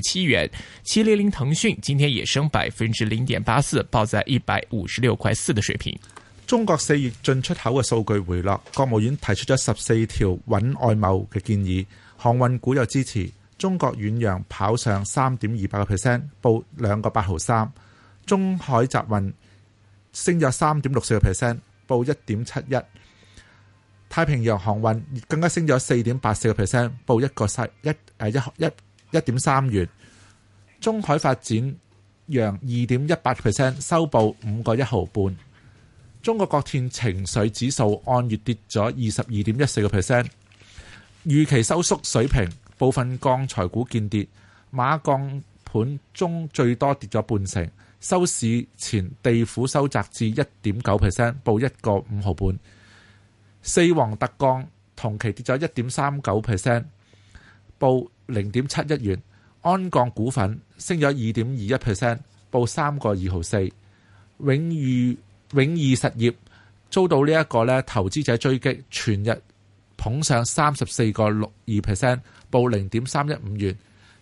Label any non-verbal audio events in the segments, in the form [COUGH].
七元，七連零。騰訊今天也升百分之零點八四，報在一百五十六塊四嘅水平。中國四月進出口嘅數據回落，國務院提出咗十四條穩外貿嘅建議，航運股有支持。中國遠洋跑上三點二八個 percent，報兩個八毫三。中海集運升咗三點六四個 percent，報一點七一。71，太平洋航運更加升咗四點八四個 percent，報一個三一誒一一。一一一點三元，中海發展揚二點一八 percent，收報五個一毫半。中國國電情緒指數按月跌咗二十二點一四個 percent，預期收縮水平。部分鋼材股見跌，馬鋼盤中最多跌咗半成，收市前跌幅收窄至一點九 percent，報一個五毫半。四皇特鋼同期跌咗一點三九 percent，報。零點七一元，安鋼股份升咗二點二一 percent，報三個二毫四。永裕永義實業遭到呢一個咧投資者追擊，全日捧上三十四個六二 percent，報零點三一五元，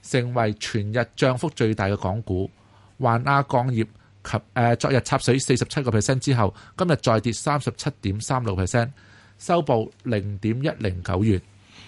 成為全日漲幅最大嘅港股。環亞鋼業及誒、呃、昨日插水四十七個 percent 之後，今日再跌三十七點三六 percent，收報零點一零九元。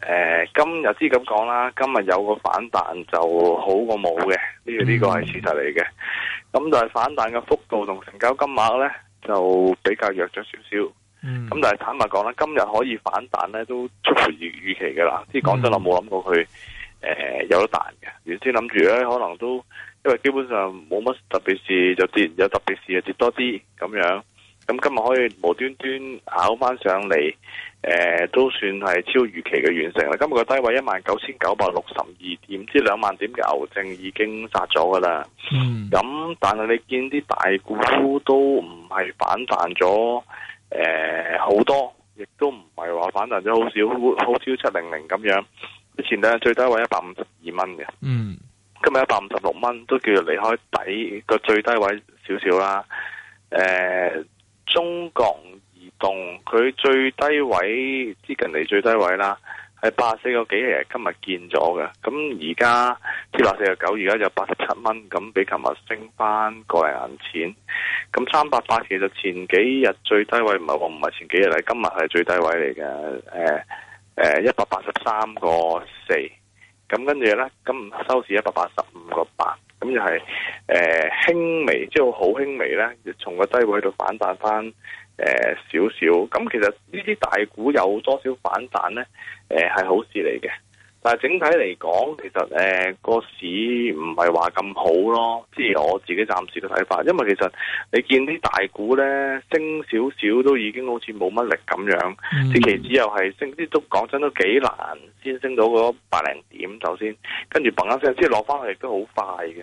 誒、呃，今日先咁講啦，今日有個反彈就好過冇嘅，呢、嗯、個呢個係事實嚟嘅。咁但係反彈嘅幅度同成交金額咧，就比較弱咗少少。咁、嗯、但係坦白講啦，今日可以反彈咧，都出乎預預期嘅啦。即係講真我冇諗過佢誒、呃、有得彈嘅。原先諗住咧，可能都因為基本上冇乜特別事就跌，有特別事就跌多啲咁樣。咁今日可以無端端考翻上嚟、呃，都算係超預期嘅完成啦。今日個低位一萬九千九百六十二點，至兩萬點嘅牛證已經殺咗噶啦。咁、嗯、但係你見啲大股都唔係反彈咗，好、呃、多，亦都唔係話反彈咗好少，好少七零零咁樣。之前咧最低位一百五十二蚊嘅，嗯，今日一百五十六蚊都叫做離開底個最低位少少啦，呃中國移動，佢最低位接近嚟最低位啦，係八四個幾嚟，今日見咗嘅。咁而家跌八四個九，而家就八十七蚊，咁比琴日升翻過嚟零錢。咁三八八其實前幾日最低位唔係，我唔係前幾日嚟，今日係最低位嚟嘅。誒、呃、誒，一百八十三個四，咁跟住咧，今收市一百八十五個八。咁就係誒輕微，即係好輕微咧，從個低位度反彈翻誒少少。咁、嗯嗯、其實呢啲大股有多少反彈咧？係、嗯、好事嚟嘅。但係整體嚟講，其實誒個、呃、市唔係話咁好咯，即係我自己暫時嘅睇法。因為其實你見啲大股咧，升少少都已經好似冇乜力咁樣，啲期指又係升，啲都講真都幾難先升到嗰百零點就，首先跟住嘭一聲，之後落翻去亦都好快嘅。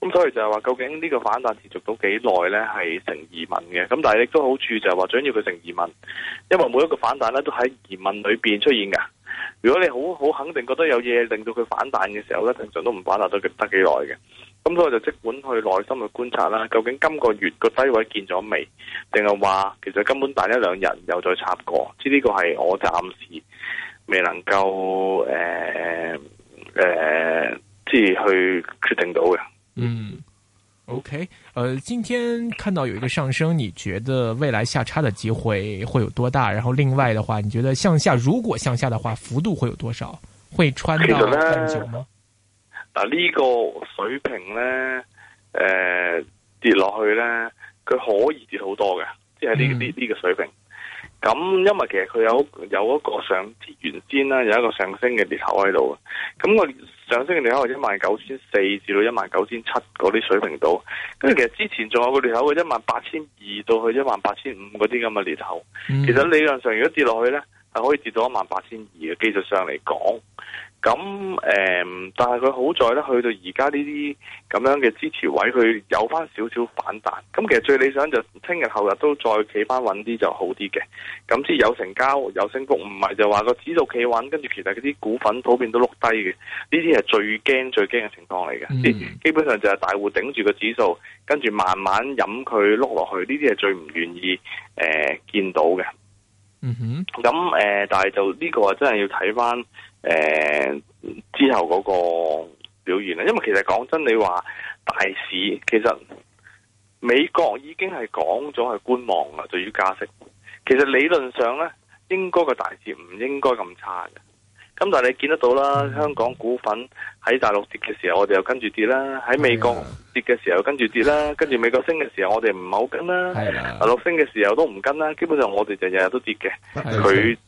咁所以就係話，究竟呢個反彈持續到幾耐咧？係成疑問嘅。咁但係亦都好處就係話，想要佢成疑問，因為每一個反彈咧都喺疑問裏邊出現噶。如果你好好肯定覺得有嘢令到佢反彈嘅時候咧,正常都唔反彈得幾耐嘅。咁所以我就即管去耐心去觀察啦，究竟今個月個低位見咗未？定係話其實根本彈一兩日又再插過？即呢個係我暫時未能夠誒誒，即、呃、係、呃、去決定到嘅。嗯。O、okay, K，呃，今天看到有一個上升，你覺得未來下差的機會會有多大？然後另外的話，你覺得向下，如果向下的話，幅度會有多少？會穿到咁久嗎？嗱呢、呢個水平咧，誒、呃、跌落去咧，佢可以跌好多嘅，即係呢呢呢個水平。嗯咁因為其實佢有有一個上原先啦，有一個上升嘅裂口喺度。咁個上升嘅裂口係一萬九千四至到一萬九千七嗰啲水平度。咁其實之前仲有個裂口，佢一萬八千二到去一萬八千五嗰啲咁嘅裂口。嗯、其實理論上如果跌落去咧，係可以跌到一萬八千二嘅，技術上嚟講。咁誒、嗯，但係佢好在咧，去到而家呢啲咁樣嘅支持位，佢有翻少少反彈。咁其實最理想就聽日後日都再企翻穩啲就好啲嘅。咁先有成交有升幅，唔係就話個指數企穩，跟住其實啲股份普遍都碌低嘅。呢啲係最驚最驚嘅情況嚟嘅。Mm hmm. 基本上就係大戶頂住個指數，跟住慢慢飲佢碌落去。呢啲係最唔願意誒、呃、見到嘅。咁誒、mm hmm. 呃，但係就呢、這個真係要睇翻。誒、呃，之後嗰個表現，因為其實講真，你話大市，其實美國已經係講咗係觀望啦，對於加息，其實理論上咧，應該個大市唔應該咁差嘅。咁但係你見得到啦，香港股份喺大陸跌嘅時候，我哋又跟住跌啦；喺美國跌嘅時候，跟住跌啦；跟住美國升嘅時候，我哋唔係好跟啦；是啊、大陸升嘅時候都唔跟啦。基本上我哋就日日都跌嘅，佢。是啊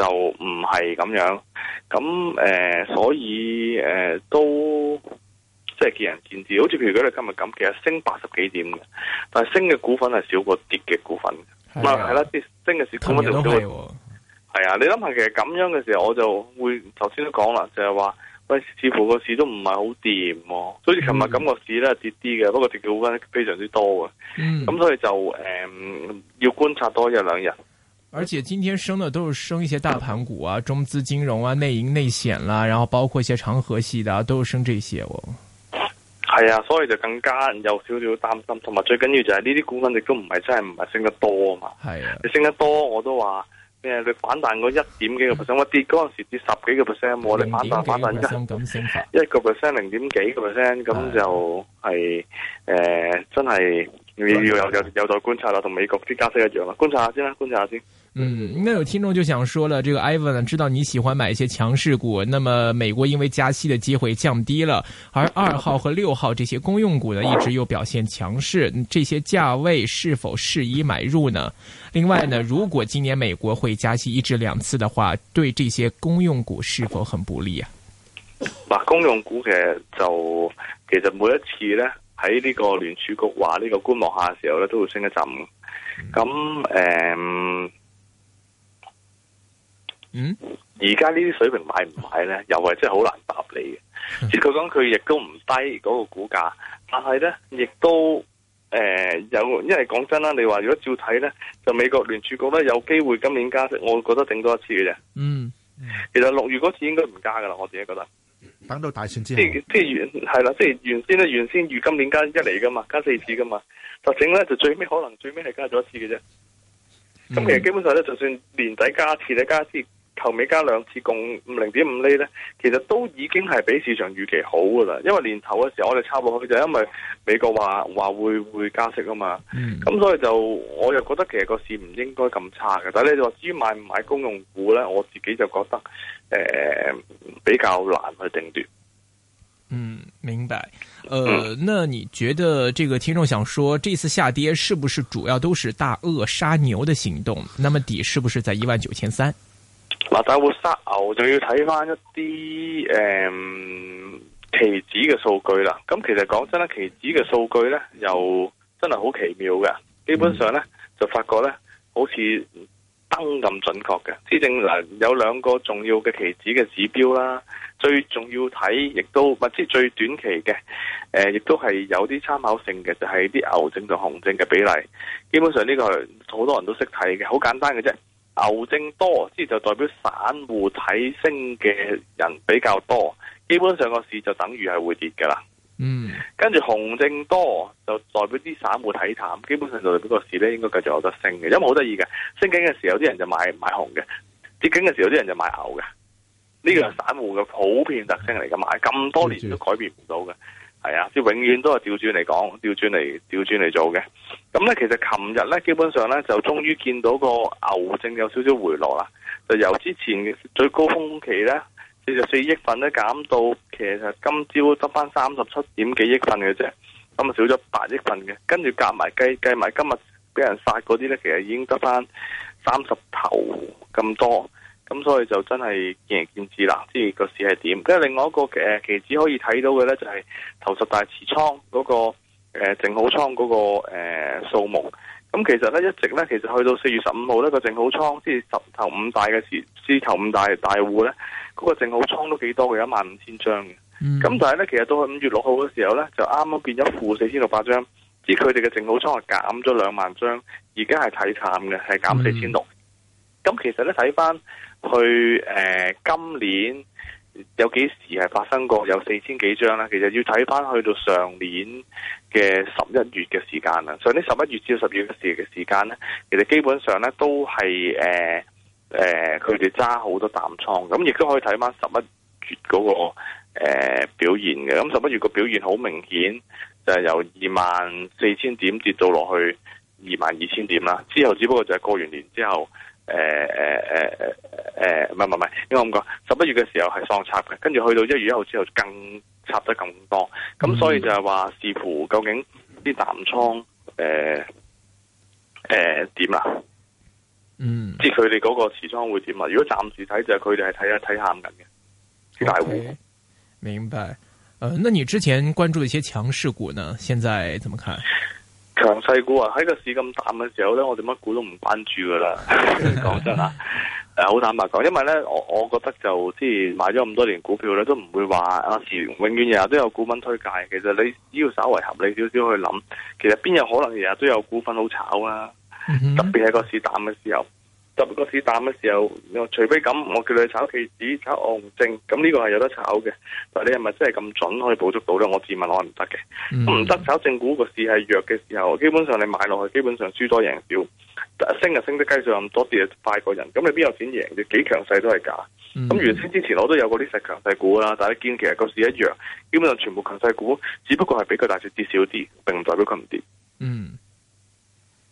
就唔係咁樣，咁誒、呃，所以誒、呃、都即係見仁見智。好似譬如講你今日咁，其實升八十幾點嘅，但係升嘅股份係少過跌嘅股份的，唔係係啦，跌、啊啊、升嘅股份就少過。係啊，你諗下，其實咁樣嘅時候，我就會頭先都講啦，就係、是、話喂，似乎個市都唔係好掂。所以琴日感覺市咧跌啲嘅，嗯、不過跌嘅股份非常之多嘅。咁、嗯、所以就誒、呃、要觀察多一兩日。而且今天升嘅都是升一些大盤股啊、中資金融啊、內銀內險啦、啊，然後包括一些長和系的、啊，都是升這些、啊。我係啊，所以就更加有少少擔心，同埋最緊要就係呢啲股份亦都唔係真係唔係升得多啊嘛。係啊，你升得多我都話咩？你反彈個一點幾個 percent、嗯、我跌嗰陣時跌十幾個 percent，我哋反彈反彈一個 percent 零點幾個 percent，咁就係、是、誒、呃、真係你要有有有待觀察啦，同美國啲加息一樣啦，觀察下先啦，觀察下先。嗯，那有聽眾就想說了，這個 Ivan 知道你喜歡買一些強勢股，那麼美國因為加息的機會降低了，而二號和六號這些公用股呢，一直又表現強勢，這些價位是否適宜買入呢？另外呢，如果今年美國會加息一至兩次的話，對這些公用股是否很不利啊？啊，公用股嘅就其實每一次呢，喺呢個聯儲局話呢個觀望下嘅時候呢，都會升一陣。咁嗯、呃嗯，而家呢啲水平買唔買咧？又係真係好難答你嘅。佢講佢亦都唔低嗰個股價，但係咧亦都誒、呃、有，因為講真啦，你話如果照睇咧，就美國聯儲局咧有機會今年加息，我覺得頂多一次嘅啫、嗯。嗯，其實六月嗰次應該唔加噶啦，我自己覺得。等到大選之後。即即原係啦，即原先咧，原先預今年加一厘噶嘛，加四次噶嘛，就整咧就最尾可能最尾係加咗一次嘅啫。咁其實基本上咧，就算年底加一次咧，加一次。後尾加兩次共零點五厘咧，其實都已經係比市場預期好噶啦。因為年頭嘅時候我哋差唔多，就是、因為美國話話會，會加息啊嘛。咁、嗯、所以就我又覺得其實個市唔應該咁差嘅。但你話至於買唔買公用股咧，我自己就覺得、呃、比較難去定奪。嗯，明白。呃嗯、那你覺得這個聽眾想說，這次下跌是不是主要都是大鱷殺牛的行動？那麼底是不是在一萬九千三？嗱，大係殺牛就要睇翻一啲誒期指嘅數據啦。咁其實講真咧，期指嘅數據咧又真係好奇妙嘅。基本上咧就發覺咧，好似燈咁準確嘅。即係能有兩個重要嘅期指嘅指標啦，最重要睇，亦都即係最短期嘅，誒，亦都係有啲參考性嘅，就係、是、啲牛證同熊證嘅比例。基本上呢個係好多人都識睇嘅，好簡單嘅啫。牛證多，即係就代表散戶睇升嘅人比較多，基本上個市就等於係會跌噶啦。嗯，跟住紅證多就代表啲散戶睇淡，基本上就代表個市咧應該繼續有得升嘅。因為好得意嘅，升緊嘅時候啲人就買買紅嘅，跌緊嘅時候啲人就買牛嘅。呢、這個係散戶嘅普遍特性嚟噶，買咁多年都改變唔到嘅。係啊，即永遠都係調轉嚟，講，調轉嚟調轉嚟做嘅。咁咧，其實琴日咧，基本上咧就終於見到個牛證有少少回落啦。就由之前最高峰期咧，四十四億份咧減到，其實今朝得翻三十七點幾億份嘅啫，咁啊少咗八億份嘅。跟住夾埋計計埋今日俾人殺嗰啲咧，其實已經得翻三十頭咁多。咁所以就真係見仁見智啦，即係個市係點。跟住另外一個嘅期指可以睇到嘅咧、就是，就係頭十大持倉嗰、那個誒淨好、呃、倉嗰、那個誒、呃、數目。咁、嗯、其實咧一直咧，其實去到四月十五、那個、號咧，個淨好倉即係十頭五大嘅時之頭五大大戶咧，嗰、那個淨好倉都幾多嘅，有一萬五千張嘅。咁、嗯、但係咧，其實到五月六號嘅時候咧，就啱啱變咗負四千六百張，即佢哋嘅淨好倉減咗兩萬張，而家係睇淡嘅，係減四千六。嗯咁其實咧，睇翻去誒、呃，今年有幾時係發生過有四千幾張啦。其實要睇翻去到上年嘅十一月嘅時間啦。上年十一月至十二月嘅時間咧，其實基本上咧都係誒誒，佢哋揸好多淡倉咁，亦都可以睇翻十一月嗰個誒表現嘅。咁十一月個表現好明顯就係由二萬四千點跌到落去二萬二千點啦。之後只不過就係過完年之後。誒誒誒誒誒，唔係唔係，因為咁講，十一月嘅時候係喪插嘅，跟住去到一月一號之後更插得更多，咁好、嗯、所以就係話視乎究竟啲淡倉誒誒點啦，呃呃、嗯，即係佢哋嗰個持倉會點啊？如果暫時睇就係佢哋係睇啊睇喊緊嘅，大戶明白？誒、呃，那你之前關注的一些強勢股呢？現在怎麼看？ [LAUGHS] 強勢股啊，喺個市咁淡嘅時候咧，我哋乜股都唔關注噶啦。講 [LAUGHS] 真吓，誒，好坦白講，因為咧，我我覺得就即係買咗咁多年股票咧，都唔會話啊永遠日日都有股份推介。其實你只要稍微合理少少去諗，其實邊有可能日日都有股份好炒啊？嗯、哼特別係個市淡嘅時候。十個市淡嘅時候，除非咁，我叫你炒期指、炒恒證，咁呢個係有得炒嘅。但係你係咪真係咁準可以捕捉到咧？我自問我係唔得嘅，唔得炒正股個市係弱嘅時候，基本上你買落去，基本上輸多贏少。升就升得雞碎咁多，跌就快過人，咁你邊有錢贏？幾強勢都係假。咁、嗯、原先之前我都有嗰啲實強勢股啦，但係你見其實個市一樣，基本上全部強勢股只不過係比個大市跌少啲，並唔代表佢唔跌。嗯。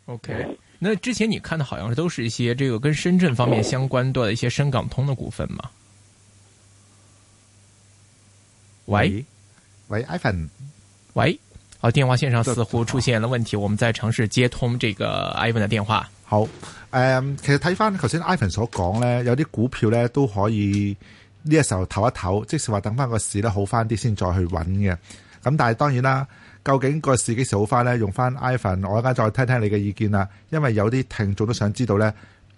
O、okay. K、嗯。那之前你看的好像是都是一些這個跟深圳方面相關的一些深港通的股份嘛？喂喂，Ivan，喂，好，電話線上似乎出現了問題，我們再嘗試接通這個 Ivan 的電話。好，誒，其實睇翻頭先 Ivan 所講呢，有啲股票呢都可以呢個時候投一投，即使話等翻個市呢，好翻啲先再去揾嘅。咁但係當然啦。究竟個市幾時好翻咧？用翻 Ivan，我而家再聽聽你嘅意見啦。因為有啲聽眾都想知道咧，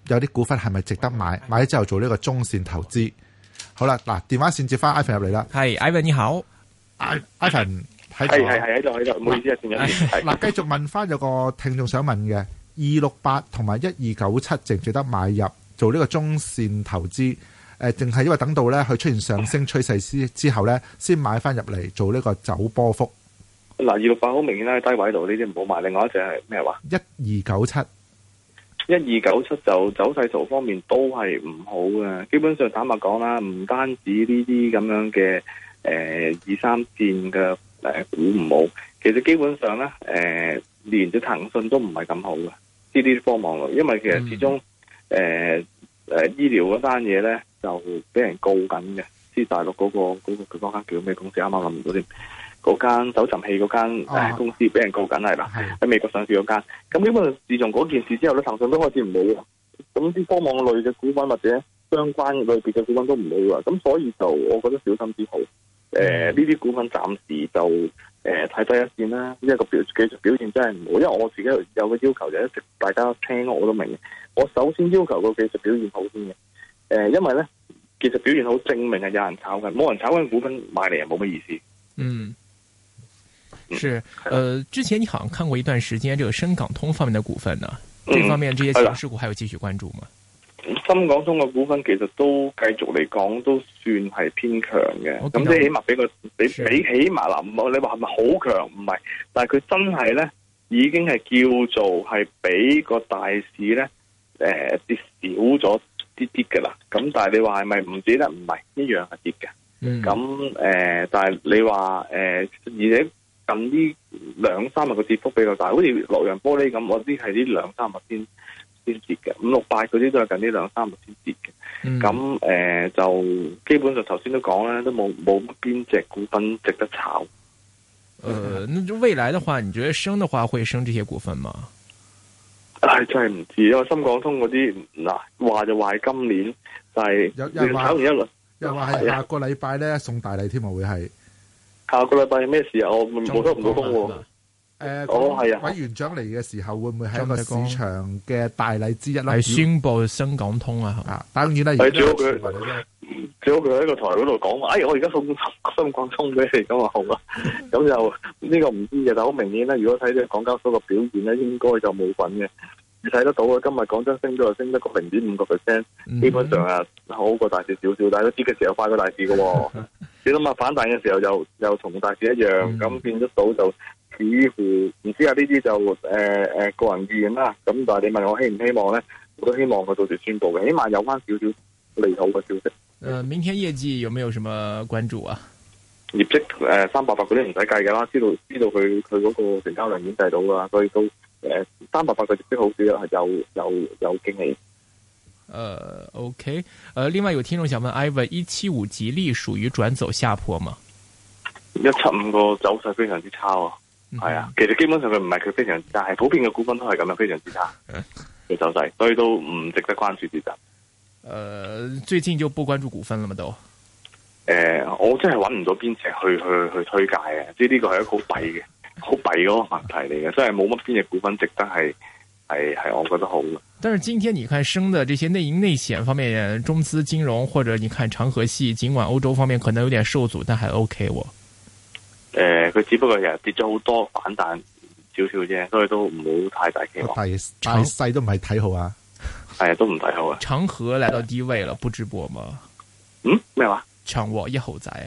有啲股份係咪值得買？買咗之後做呢個中線投資。好啦，嗱，電話線接翻 Ivan 入嚟啦。係 Ivan 你好，Ivan 喺度，係喺度喺度。唔好意思 [LAUGHS] 啊，線入嗱，繼續問翻，有個聽眾想問嘅二六八同埋一二九七值唔值得買入做呢個中線投資？誒、呃，淨係因為等到咧佢出現上升趨勢之之後咧，先買翻入嚟做呢個走波幅。嗱，二六八好明顯啦，低位度，呢啲唔好賣。另外一隻係咩話？一二九七，一二九七就走勢圖方面都係唔好嘅。基本上坦白講啦，唔單止呢啲咁樣嘅誒、呃、二三線嘅誒股唔好，其實基本上咧誒、呃、連隻騰訊都唔係咁好嘅。呢啲科網咯，因為其實始終誒誒、嗯呃、醫療嗰單嘢咧就俾人告緊嘅。即係大陸嗰、那個嗰、那個佢嗰間叫咩公司啱啱諗唔到添。嗰間搜尋器嗰間誒公司俾人告緊係啦，喺美國上市嗰間，咁基本上自從嗰件事之後咧，騰訊都開始唔好，咁啲科網類嘅股份或者相關類別嘅股份都唔好啊，咁所以就我覺得小心啲好。誒、呃，呢啲股份暫時就誒睇、呃、低一線啦，呢、這個個表技術表現真係唔好，因為我自己有個要求就一直大家聽我都明嘅，我首先要求個技術表現好先嘅。誒、呃，因為咧技術表現好證明係有人炒嘅，冇人炒嘅股份買嚟又冇乜意思。嗯。是、呃，之前你好像看過一段時間這個深港通方面的股份呢？這方面這些強勢股還有繼續關注嗎？嗯、深港通嘅股份其實都繼續嚟講都算係偏強嘅，咁即 Okay, 起碼比個比，是比起碼嗱，唔好你話係咪好強？唔係，但係佢真係咧，已經係叫做係俾個大市咧，誒、呃、跌少咗啲啲嘅啦。咁但係你話係咪唔止得？唔係，一樣係跌嘅。咁誒，但係你話誒、嗯嗯呃呃，而且。近呢兩三日嘅跌幅比較大，好似洛陽玻璃咁，我知係呢兩三日先先跌嘅，五六八嗰啲都係近呢兩三日先跌嘅。咁誒、嗯呃，就基本上頭先都講啦，都冇冇邊隻股份值得炒。誒、呃，未來嘅話，你覺得升嘅話會升呢啲股份嗎？係真係唔知，因為深港通嗰啲嗱話就話今年但係又話炒完一輪，又話係下個禮拜咧送大禮添啊，會係。下個禮拜係咩事啊？我冇得唔到工喎。誒，我係啊，委員長嚟嘅時候會唔會喺個市場嘅大禮之一啦？係宣佈新港通啊！啊，當然啦，而家最好佢，最好佢喺是個台嗰度講話。哎，我而家送香港通俾你咁啊，好啊。咁 [LAUGHS] 就呢、呢個唔知嘅，但好明顯咧。如果睇嘅港交所個表現咧，應該就冇滾嘅。你睇得到啊？今日港交，升咗又升得個零點五個 percent，基本上啊，好過大市少少。但係都知嘅時候快過大市嘅喎。 [LAUGHS] 你諗吓嘛，反彈嘅時候又又同大市一樣，咁、嗯、變咗到就似乎唔知道啊，呢啲就誒誒、呃呃、個人意見啦。咁但係你問我希唔希望咧，我都希望佢到時宣佈嘅，起碼有翻少少利好嘅消息。誒、呃，明天業績有冇有什麼關注啊？業績誒，三百八嗰啲唔使計噶啦，知道知道佢佢嗰個成交量已經計到噶啦，所以都誒三百八嘅業績好少係有有有驚喜。誒、呃，OK，誒、呃，另外有聽眾想問，Ivan 一七五吉利屬於轉走下坡嗎？一七五個走勢非常之差啊，係、嗯、哼啊，其實基本上佢唔係佢非常之差，係普遍嘅股份都係咁樣非常之差嘅走勢，所以都唔值得關注其實。誒、呃，最近就不關注股份喇嘛？都？誒，我真係揾唔到邊隻去去去，去推介嘅、啊，即係呢個係一個好弊嘅、好弊嗰個問題嚟嘅， [LAUGHS] 真係冇乜邊隻股份值得係。係係我覺得好，但是今天你看升的這些內銀內險方面，中資金融或者你看長和係，盡管歐洲方面可能有點受阻，但係 O K 喎。誒、呃，佢只不過又跌咗好多，反彈少少啫，所以都唔好太大期望。但係細都唔係太好啊，係都唔太好啊。長和來到低位了，不直播嘛。嗯，咩話？長和一號仔啊？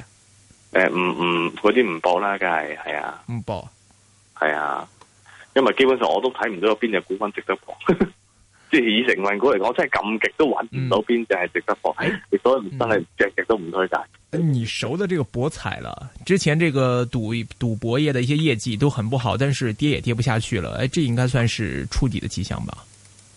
誒保，唔唔，嗰啲唔博啦，梗係係啊，唔博，係啊。因為基本上我都睇唔到有邊隻股份值得搏，即係以成運股嚟講，我真係咁極都揾唔到邊隻係值得搏，所以真係隻隻都唔推介、嗯。你熟嘅呢個博彩啦，之前呢個賭賭博業嘅一些業績都很不好，但是跌也跌不下去了，誒，這應該算係觸底嘅跡象吧？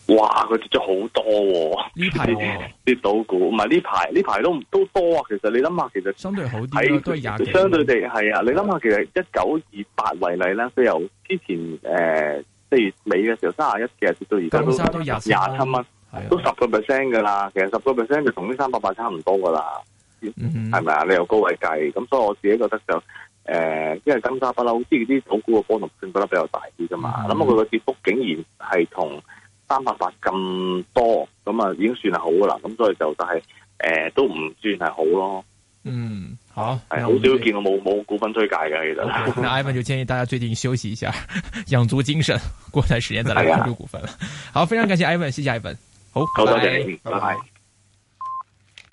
哇！佢跌咗好多喎、哦，呢排跌到股，唔係呢排呢排都都多啊。其實你諗下，其實相對好啲，相對地係啊。的你諗下，其實一九二八為例咧，佢由之前誒四、呃、月尾嘅時候三廿一幾跌到而家都廿七蚊，的都十個 percent 噶啦。其實十個 percent 就同呢三百八差唔多噶啦，係咪啊？你由高位計，咁所以我自己覺得就誒、呃，因為金沙不嬲，即係啲港股嘅波動性不嬲比較大啲噶嘛。咁啊的，佢嘅跌幅竟然係同。三百八咁多咁，啊，已經算係好噶啦，咁所以就但係誒、呃、都唔算係好咯。嗯，好係好少見，我冇冇股份推介嘅，其實。Okay, 那 Ivan 就建議大家最近休息一下，養 [LAUGHS] 足精神，過段時間再嚟關注股份啦。啊、好，非常感謝 Ivan，謝謝 Ivan。好，好 bye, 多謝你，拜 bye。Bye bye